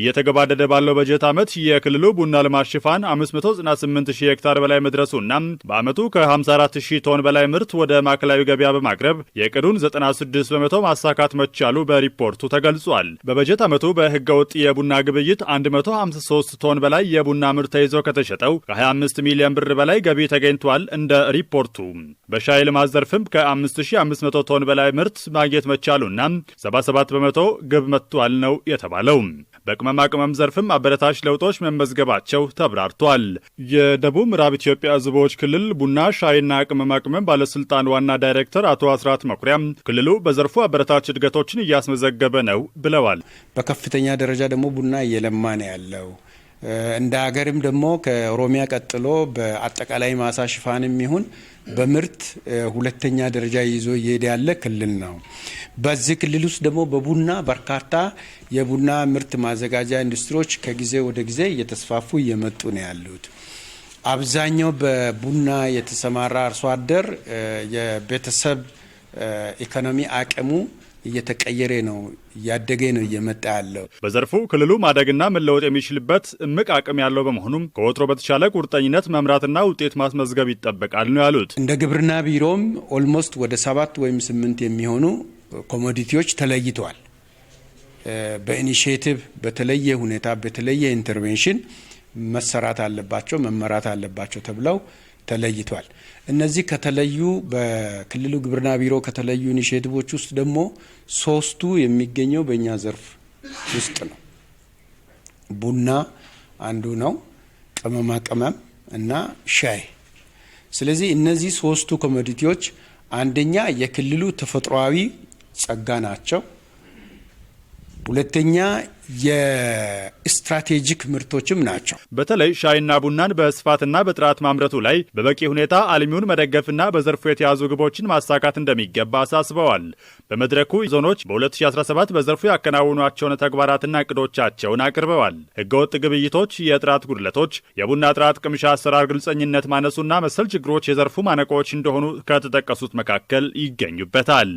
እየተገባደደ ባለው በጀት ዓመት የክልሉ ቡና ልማት ሽፋን 598 ሺህ ሄክታር በላይ መድረሱና በዓመቱ ከ54 ሺህ ቶን በላይ ምርት ወደ ማዕከላዊ ገበያ በማቅረብ የቅዱን 96 በመቶ ማሳካት መቻሉ በሪፖርቱ ተገልጿል። በበጀት ዓመቱ በህገ ወጥ የቡና ግብይት 153 ቶን በላይ የቡና ምርት ተይዞ ከተሸጠው ከ25 ሚሊዮን ብር በላይ ገቢ ተገኝቷል። እንደ ሪፖርቱ በሻይ ልማት ዘርፍም ከ5500 ቶን በላይ ምርት ማግኘት መቻሉና 77 በመቶ ግብ መጥቷል ነው የተባለው። በቅመማ ቅመም ዘርፍም አበረታች ለውጦች መመዝገባቸው ተብራርቷል። የደቡብ ምዕራብ ኢትዮጵያ ህዝቦች ክልል ቡና ሻይና ቅመማ ቅመም ባለስልጣን ዋና ዳይሬክተር አቶ አስራት መኩሪያም ክልሉ በዘርፉ አበረታች እድገቶችን እያስመዘገበ ነው ብለዋል። በከፍተኛ ደረጃ ደግሞ ቡና እየለማ ነው ያለው እንደ ሀገርም ደግሞ ከኦሮሚያ ቀጥሎ በአጠቃላይ ማሳ ሽፋንም ይሁን በምርት ሁለተኛ ደረጃ ይዞ እየሄደ ያለ ክልል ነው። በዚህ ክልል ውስጥ ደግሞ በቡና በርካታ የቡና ምርት ማዘጋጃ ኢንዱስትሪዎች ከጊዜ ወደ ጊዜ እየተስፋፉ እየመጡ ነው ያሉት። አብዛኛው በቡና የተሰማራ አርሶ አደር የቤተሰብ ኢኮኖሚ አቅሙ እየተቀየረ ነው እያደገ ነው እየመጣ ያለው። በዘርፉ ክልሉ ማደግና መለወጥ የሚችልበት እምቅ አቅም ያለው በመሆኑም ከወትሮ በተሻለ ቁርጠኝነት መምራትና ውጤት ማስመዝገብ ይጠበቃል ነው ያሉት። እንደ ግብርና ቢሮም ኦልሞስት ወደ ሰባት ወይም ስምንት የሚሆኑ ኮሞዲቲዎች ተለይተዋል። በኢኒሽቲቭ በተለየ ሁኔታ በተለየ ኢንተርቬንሽን መሰራት አለባቸው መመራት አለባቸው ተብለው ተለይቷል። እነዚህ ከተለዩ በክልሉ ግብርና ቢሮ ከተለዩ ኢኒሽቲቮች ውስጥ ደግሞ ሶስቱ የሚገኘው በእኛ ዘርፍ ውስጥ ነው። ቡና አንዱ ነው፣ ቅመማ ቅመም እና ሻይ። ስለዚህ እነዚህ ሶስቱ ኮሞዲቲዎች አንደኛ የክልሉ ተፈጥሯዊ ጸጋ ናቸው። ሁለተኛ የስትራቴጂክ ምርቶችም ናቸው። በተለይ ሻይና ቡናን በስፋትና በጥራት ማምረቱ ላይ በበቂ ሁኔታ አልሚውን መደገፍና በዘርፉ የተያዙ ግቦችን ማሳካት እንደሚገባ አሳስበዋል። በመድረኩ ዞኖች በ2017 በዘርፉ ያከናውኗቸውን ተግባራትና እቅዶቻቸውን አቅርበዋል። ህገወጥ ግብይቶች፣ የጥራት ጉድለቶች፣ የቡና ጥራት ቅምሻ አሰራር ግልጸኝነት ማነሱና መሰል ችግሮች የዘርፉ ማነቆዎች እንደሆኑ ከተጠቀሱት መካከል ይገኙበታል።